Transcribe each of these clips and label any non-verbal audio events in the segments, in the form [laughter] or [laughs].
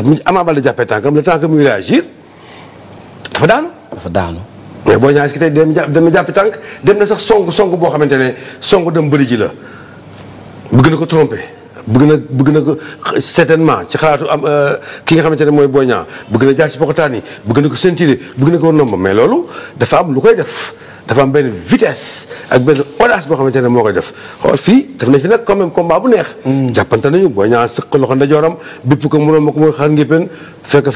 ndax bu Ama Baldé jàppee tànkam le temps que muy réagir dafa daanu. dafa daanu. mais boo ñaaree si tey dem jàpp dem na jàpp tànk dem na sax sonk sonk boo xamante ne song dem bëri ji la bëgg na ko tromper bëgg na bëgg na ko certainement ci xalaatu am euh, ki nga xamante ne mooy boo ñaar bëgg na jaar ci pokotaan yi bëgg na ko sentir bëgg na ko nomba mais loolu dafa am lu koy def. dafa am benn vitesse ak benn audace boo xamante ne moo koy def xool def na fi nag quand même combat bu neex. Mm. jàppante nañu boo ñaa sëq loxo ndajooram bépp ko mënoon ma ko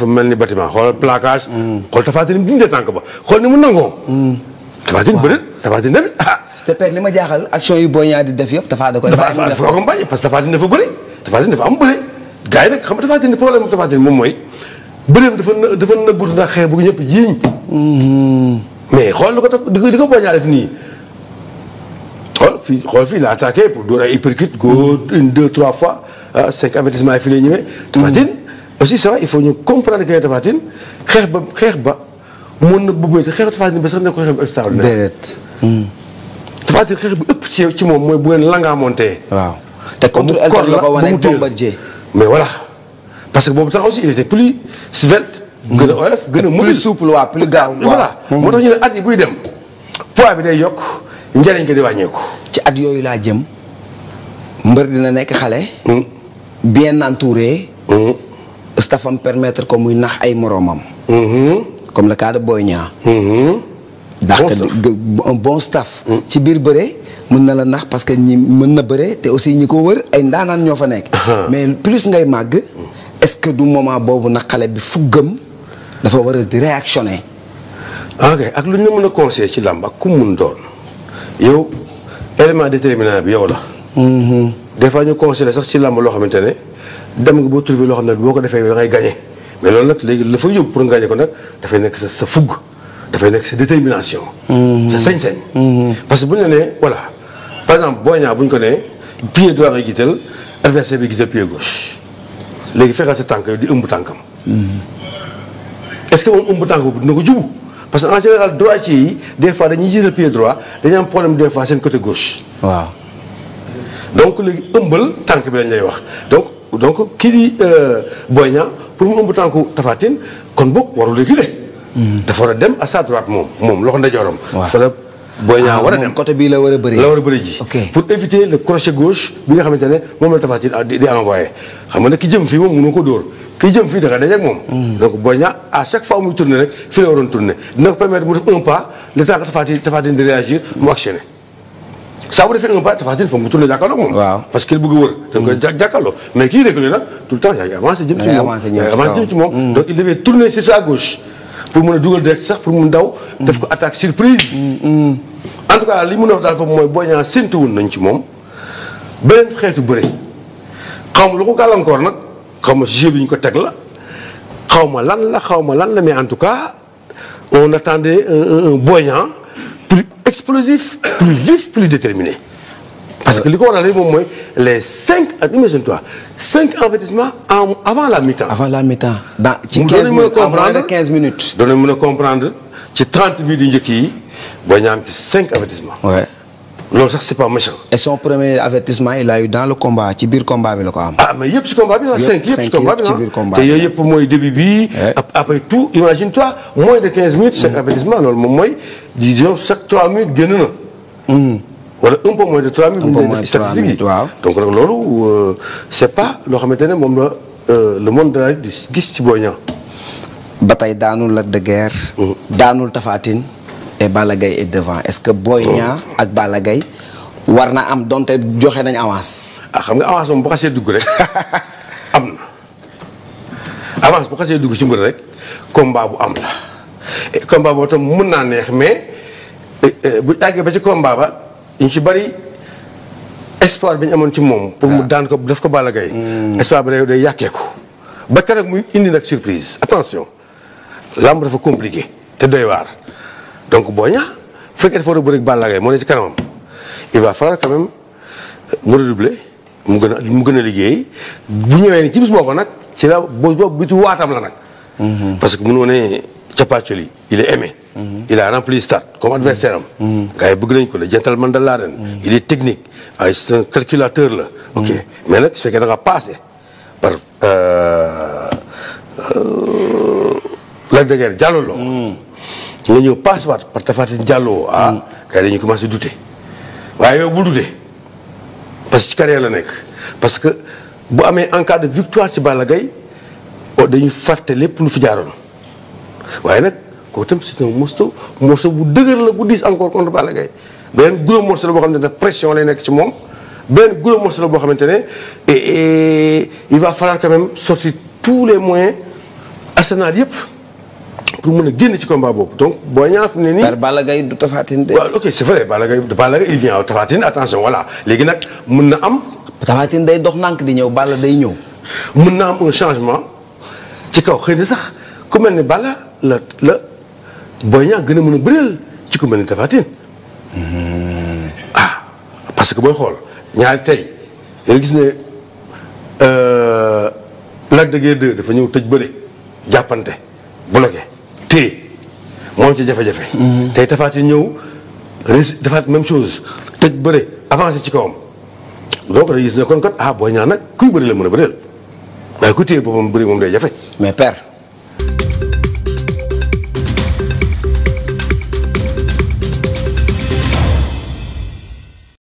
mel ni bâtiment xoolal mm. xool tafaatin bi dundee tànk xool ni mu nangoo. Mm. tafaatin bëreet tafaatin tamit ah. te pek li ma jaaxal action yu boo ñaa di def yëpp tafaa da koy. dafa accompagné parce que tafaatin dafa bëri tafaatin dafa am bëri gars yi nag xam nga tafaatin problème mu tafaatin moom mooy bëreem dafa dafa nëbbu na xeebu ñëpp jiiñ mm-hmm. mais xool lu ko def di ko di ko nii xool fii xool fii la attaqué pour door ay uppercut go une deux trois fois ah cinq avertissement yi fii lay ñëwee. Tapha mm. Tine aussi ça il faut ñu comprendre que Tapha Tine xeex ba xeex ba mën na bëggee te xeexu Tapha Tine ba sax nekkul xeex bu extraordinaire. déedéet. Mm. Tapha Tine xeex bu ëpp ci ci moom mooy bu ngeen langaamontee. waaw te contre Elton la ko wane Bombardier mais voilà parce que boobu tax aussi il était plus svelte. gën a oyof gën a gaaw voilà moo tax ñu ne at yi buy dem poids bi day yokk njëriñ ko di ko ci at yooyu laa jëm mbër dina nekk xale hmm. bien entouré hmm. staffam permettre ko muy nax ay moroomam hmm. comme le cas de Boy Niang ndax un bon staff ci biir bëre mën na la nax parce que ñi mën na bëre te aussi ñi ko wër ay ndaanaan ñoo fa nekk mais plus ngay màgg est-ce que du moment boobu na xale bi fuggam dafa war a di réactionner. ok ak lu ñu mën a conseillé ci làmb ak ku mun doon yow élément déterminant bi yow la. Mhm. des fois ñu conseillé sax ci làmb loo xamante ne dem nga boo trouvé loo xam ne boo ko defee yow da ngay mais loolu nag léegi la fa yóbbu pour nga gagné ko nag dafay nekk sa sa fugg dafay nekk sa détermination. Mhm. sa sañ-sañ. Mhm. parce que bu ñu la nee voilà par exemple boo ñaa bu ñu ko nee pied droit ngay jiital adversaire bi jiital pied gauche léegi fexeel sa tànk yow di ëmb tànkam. est-ce que moom ëmb tànk boobu dina ko jubu parce que en général droitier yi des fois dañuy jiital pied droit dañuy am problème des fois seen côté gauche. donc léegi ëmbal tànk bi lañ lay wax donc donc kii di euh, Boy Niang pour mu ëmb tànku Tapha Tine kon boog warul léegi de. Hmm. dafa war a dem à sa droite moom moom loxo ndeyjooram. waaw fa la Boy ah, war a dem côté bii la war a bëri. la war a bëri ji pour éviter le crochet gauche bi nga xamante ne moom la Tapha Tine di envoyé xam nga nag ki jëm fii moom ko dóor. kiy jëm fii da nga daje ak moom. Mm. donc Boy Niang à chaque fois muy tourné rek fi la waroon tourné dina ko permettre mu def un pas le temps que Tapha Tine Tapha Tine di réagir mu actionné. saa bu defee un pas Tapha Tine foog mu tourné jàkkaarloo moom. waaw parce que il bëgg wër. da nga koy mm. jàkkaarloo mais kii reculé nag tout le temps yaa ngi avancé jëm ci moom avancé jëm ci moom. Mm. donc il devait tourner sur sa gauche. pour mën a dugal direct sax pour mun daw. def ko attaque surprise. en tout cas li mu mën a wax daal foofu mooy Boy Niang séntu woon nañ ci moom beneen xeetu bëre xaw ma lu ko gàllankoor nag xaw ma bi ñu ko teg la xaw ma lan la xaw ma lan la mais en tout cas on attendait un un Boy Niang plus explosif plus vif plus déterminé. parce que li ko waral rek moom mooy les cinq imagine-toi cinq avertissements en avant la mi-temps. avant la mi-temps dans ci 15 minutes en moins de 15 mën a comprendre ci 30 minutes yu njëkk yi Boy Niang am ci cinq avertissements. loolu sax c'est pas méchant. et son premier avertissement il a eu dans le combat ci biir combat bi la ko am. ah mais yëpp ci combat bi la. cinq yëpp ci combat bi la te yooyu mooy début bi. après tout imagine toi moins de 15 minutes. cinq avertissement loolu moom mooy disons chaque 3 minutes génn na. Hmm. wala un peu moins de 3 minutes. un waaw donc nag loolu euh, c'est pas loo xamante ne moom la euh, le monde gis ci Boy tey daanul Lac de Guiers. Hmm. daanul Tapha et Balla Gaye est devant est-ce que booy oh. Niang ak Balla gay war na am donte joxe nañ avance. ah xam nga avance moom bu xasee dugg rek [laughs] am na avance bu xasee dugg ci mbir rek combat bu am la combat boo tam mën naa neex mais eh, eh, bu àggee ba ci combat ba ñu ci bari espoir bi ñu amoon ci moom. pour mu ah. daan ko def ko Balla Gaye. Hmm. espoir bi day yàqee ko ba keroog muy indi nag surprise attention lamb dafa compliqué te doy waar. donc boo Niang bu fekkee dafa war a bëri ak Balla moo ne ci kanamam il va falloir quand même euh, mu redoubler mu gën a liggéey bu ñëwee ni ci bis boobu nag ci la boo boobu waatam la nag. Mm-hmm. parce que mu ne Capacioli il est aimé. Mm-hmm. il a rempli stade comme adversaire am. Mm-hmm. gars yi bëgg nañ ko le gentleman de l'arène. il est technique ay ah, c'est calculateur la. ok mais nag su fekkee da nga par. Euh, euh, Lac de Guiers jàllul nga ñëw passewaat par Tapha Tine Diallo. Mm. ah gars yi dañuy commencé douter waaye yow bul douter parce que ci carrière la nekk parce que bu amee en cas de victoire ci Balla Gaye oh, dañuy fàtte lépp lu fi jaaroon waaye nag kooku tam c'est un morceau morceau bu dëgër la bu diis encore contre Balla Gaye beneen gros morceau la boo xam ne pression lay nekk ci moom beneen guro morceau la boo xamante ne et il va falloir quand même tous les moyens arsenal yëpp. pour mën a génn ci combat boobu donc Boy Niang ne nii. par Balla Gaye du Tapha Tine de. waaw ok c'est vrai Balla Gaye Balla Gaye il mën na am. Tapha Tine day dox nànk di ñëw Balla day ñëw. mën na am changement ci kaw xëy na sax ku mel ni Balla la la gën a mën a bëreel ci ku mel ni ah, que booy xool ñaari gis ne euh, Lac de Guiers dafa ñëw tëj bëre jàppante bloqué. téye moom ci jafe-jafe. Mhm. tey Tapha Tine ñëw defaat même chose tëj bëre avancé ci kawam donc day gis ne kon kat ah Boy Niang nag kuy bëri la mën a bëreel waaye ku téye boppam bëri moom day jafe. mais père.